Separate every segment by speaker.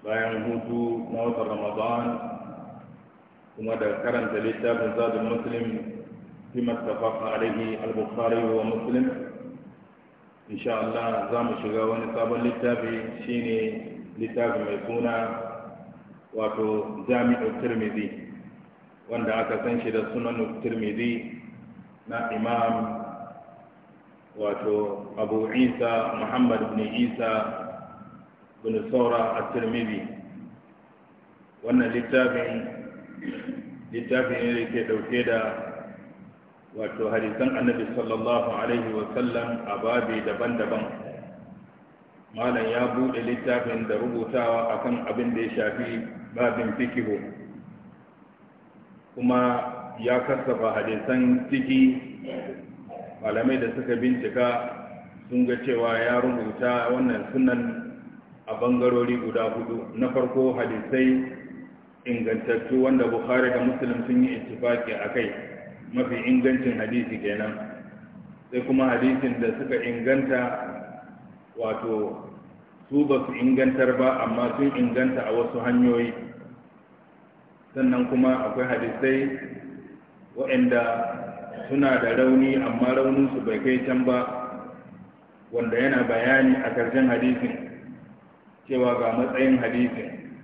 Speaker 1: bayan hutu na watan ramadan kuma da karanta littafin zadin muslim fi mastafafa alaihi al-bukhari wa muslim insha Allah za mu shiga wani sabon littafi shine littafi mai suna wato jami'u tirmidhi wanda aka san shi da sunan tirmidhi na imam wato abu isa muhammad bin isa bin saura a tirmidhi wannan littafin littafin ne da ke ɗauke da wato hadisan annabi sallallahu alaihi wasallam a babi daban-daban malam ya buɗe littafin da rubutawa akan abin da ya shafi babin fikihu kuma ya kasafa hadisan ciki malamai da suka bincika sun ga cewa ya rubuta wannan sunan a bangarori guda hudu na farko hadisai ingantattu wanda bukhari da musulun sun yi ittifaki a kai mafi ingancin hadisi kenan sai kuma hadisin da suka inganta wato su ba su ingantar ba amma sun inganta a wasu hanyoyi sannan kuma akwai hadisai waɗanda suna da rauni amma rauninsu bai kai can ba wanda yana bayani a karshen hadisin cewa ga matsayin hadisin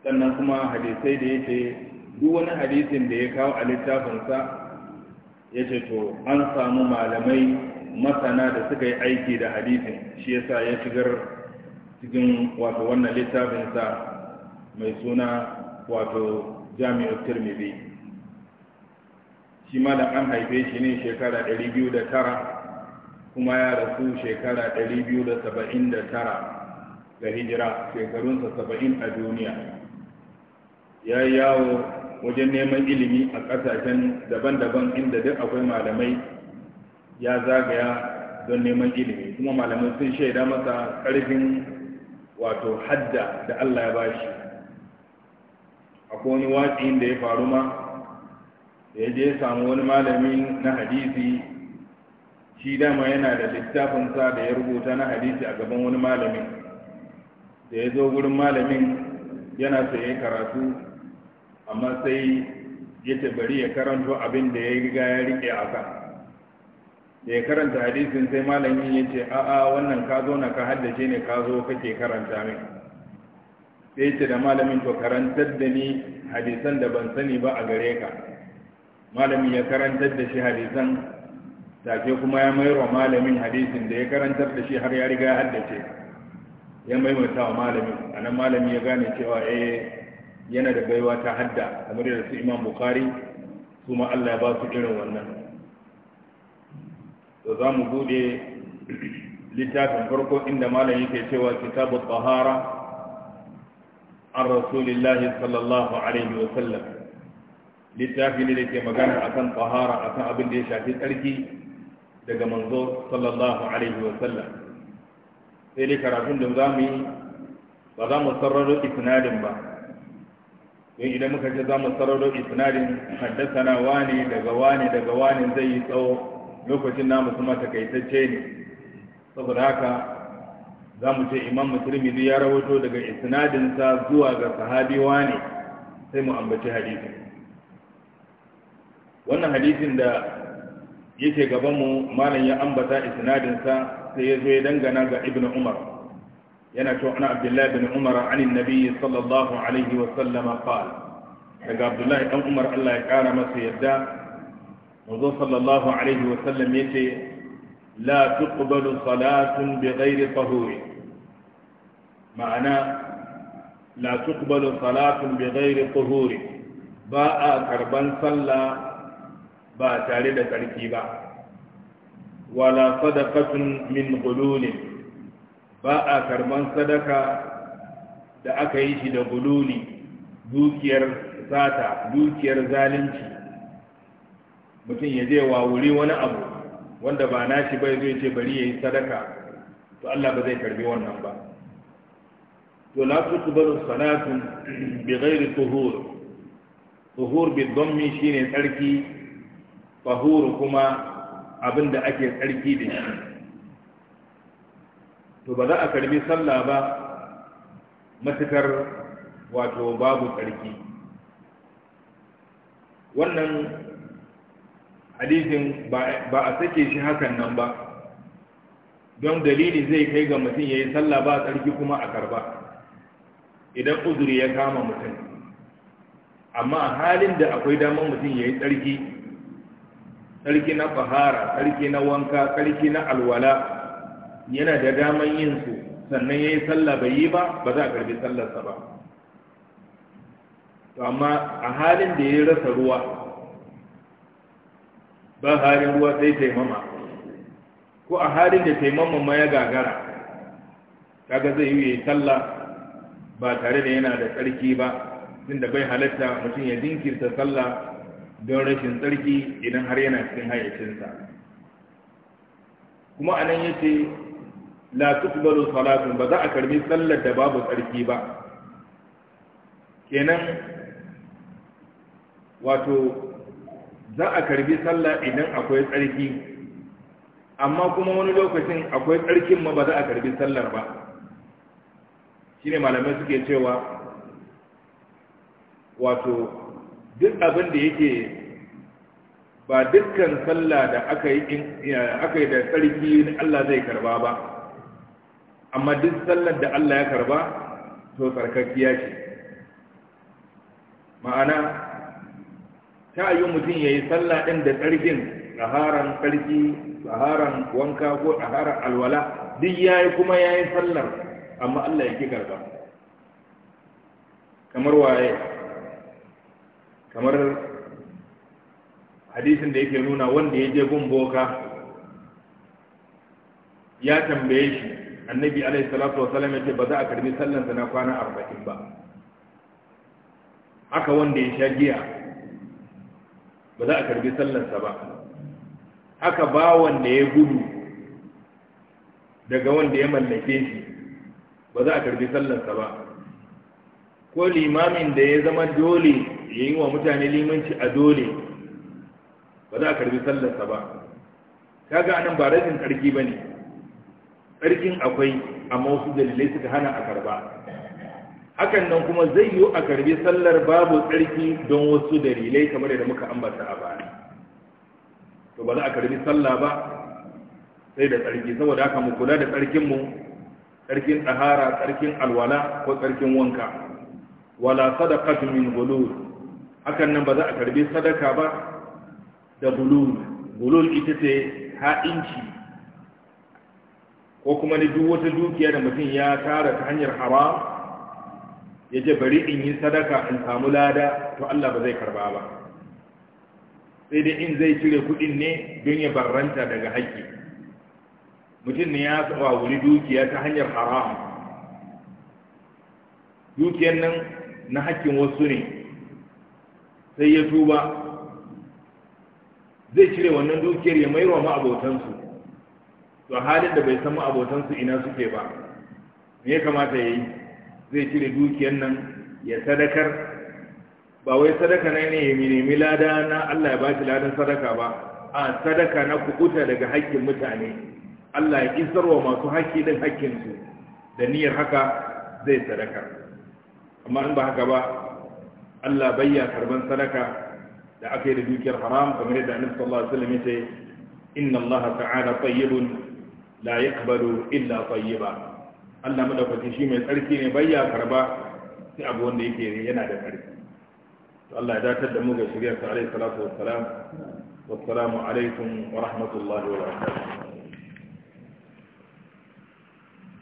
Speaker 1: sannan kuma hadisai da ya duk wani hadisin da ya kawo a littafinsa ya ce to an samu malamai masana da suka yi aiki da hadisin shi yasa ya shigar cikin wato wannan littafinsa mai suna wato jami'ar tirmidhi shi da an haife shi ne shekara 209 kuma ya rasu shekara 279 da hijira shekarunsa saba'in a duniya ya yi yawo wajen neman ilimi a ƙasashen daban-daban inda duk akwai malamai ya zagaya don neman ilimi kuma malamai sun shaida masa ƙarfin wato hadda da allah ya bashi akwai wani watsi da ya faru ma da ya je samu wani malami na hadisi shi dama yana da littafinsa da ya rubuta na hadisi a gaban wani malamin da ya zo wurin malamin yana ya karatu amma sai ya tabari ya karanto abin da ya riga ya rike a kan da ya karanta hadisin sai malamin ya ce a'a wannan ka zo na ka haddace ne ka zo kake karanta min sai ce da malamin to karantar da ni hadisan da ban sani ba a gare ka malamin ya karantar da shi hadisan take kuma ya mayar wa malamin hadisin da ya karantar da shi har ya riga ya haddace ya maimaita wa malamin anan malami ya gane cewa eh yana da baiwa ta hadda kamar da su imam bukari su ma allah ya ba su irin wannan to za mu bude littafin farko inda malam yake cewa kitabu tahara an rasulillahi sallallahu alaihi wa sallam littafi ne da ke magana akan tahara akan abin da ya shafi tsarki daga manzo sallallahu alaihi wa sallam sai dai karatun da za mu yi ba za mu sarraro isnadin ba don idan muka ce za mu sarraro isnadin na wane daga wane daga wane zai yi tsawo lokacin namu kuma takaitacce ne saboda haka za mu ce imam zai ya rawato daga isnadinsa zuwa ga sahabi wane sai mu ambaci hadisi. wannan hadisin da yake gabanmu malam ya ambata isnadinsa sai ya zo ya dangana ga ibn umar yana cewa ana abdullahi bin umar an annabi sallallahu alaihi wa sallama qala daga abdullahi dan umar Allah ya kara masa yadda manzo sallallahu alaihi wa sallam yace la tuqbalu salatun bighairi tahuri ma'ana la tuqbalu salatun bighairi tahuri ba a karban sallah ba tare da tsarki ba wala sadaqatun min gululin ba a karban sadaka da aka yi shi da gululi dukiyar sata dukiyar zalunci mutum ya je wa wuri wani abu wanda ba nashi bai zai ce bari ya yi sadaka to Allah ba zai karbi wannan ba to la tuqbalu salatun bighairi tuhur tuhur bi dhammi shine tsarki tahur kuma abin da ake tsarki da shi to ba za a karbi sallah ba matukar wato babu tsarki wannan hadisin ba a sake shi hakan nan ba don dalili zai kai ga mutum ya yi sallah ba tsarki kuma a karba idan uzuri ya kama mutum amma a halin da akwai damar mutum ya yi tsarki sarki na fahara sarki na wanka sarki na alwala yana da daman yin su sannan ya yi sallah bai yi ba ba za a karbi sallarsa ba to amma a halin da ya rasa ruwa ba halin ruwa sai taimama ko a halin da taimama ma ya gagara kaga zai yi sallah ba tare da yana da tsarki ba tunda bai halatta mutum ya jinkirta sallah don rashin tsarki idan har yana cikin hayyacinsa kuma anan yace la tuqbalu salatun ba za a karbi sallar da babu tsarki ba kenan wato za a karbi sallah idan akwai tsarki amma kuma wani lokacin akwai tsarkin ma ba za a karbi sallar ba shine malamai suke cewa wato duk abin da yake ba dukkan sallah da aka yi da tsarki Allah zai karba ba amma duk sallar da Allah ya karba to tsarkakiya ce ma'ana ta yi mutum ya yi sallah ɗin da tsarkin tsaharan tsarki tsaharan wanka ko tsaharan alwala duk ya kuma ya yi sallar amma Allah ya ki karba kamar waye kamar hadisin da yake nuna wanda ya je gun boka ya tambaye shi annabi alaihi salatu wasallam yace ba za a karbi sallansa na kwana 40 ba haka wanda ya sha giya ba za a karbi sallansa ba haka ba wanda ya gudu daga wanda ya mallake shi ba za a karbi sallansa ba ko limamin da ya zama dole Yayin yi wa mutane limanci a dole ba za a karbi sallarsa ba kaga anan ba rashin tsarki ba ne tsarkin akwai amma wasu dalilai suka hana a karba hakan nan kuma zai yiwu a karbi sallar babu tsarki don wasu dalilai kamar yadda muka ambata a baya to ba za a karbi sallah ba sai da tsarki saboda haka mu kula da tsarkinmu tsarkin tsahara, tsarkin alwala ko tsarkin wanka wala sadaqatu min ghulul hakan nan ba za a karbi sadaka ba da bulul bulul ita ce ha'inci ko kuma ni duk wata dukiya da mutum ya tara ta hanyar haram ya je bari in yi sadaka in samu lada to Allah ba zai karba ba sai dai in zai cire kuɗin ne don ya barranta daga haƙƙi mutum ne ya tsawa wuri dukiya ta hanyar haram dukiyar nan na haƙƙin wasu ne sai ya tuba zai cire wannan dukiyar ya maiwa ma'abotansu to halin da bai san abotansu ina suke ba me ya kamata ya yi zai cire dukiyar nan ya sadakar ba wai sadaka na ne ya nemi lada na Allah ya ba shi ladan sadaka ba a sadaka na kukuta daga haƙƙin mutane Allah ya isarwa masu haƙƙi din haƙƙinsu da niyyar haka zai sadaka amma in ba haka ba
Speaker 2: Allah bayya karban sadaka da aka yi da dukiyar haram kamar yadda annabi sallallahu alaihi wasallam yace
Speaker 1: inna Allah ta'ala tayyibun la yaqbalu illa tayyiba Allah madaukaki shi mai tsarki ne bayya karba sai abu wanda yake yana da tsarki to Allah ya datar da mu ga shiriyar sa alaihi salatu wassalam wassalamu alaikum wa rahmatullahi wa barakatuh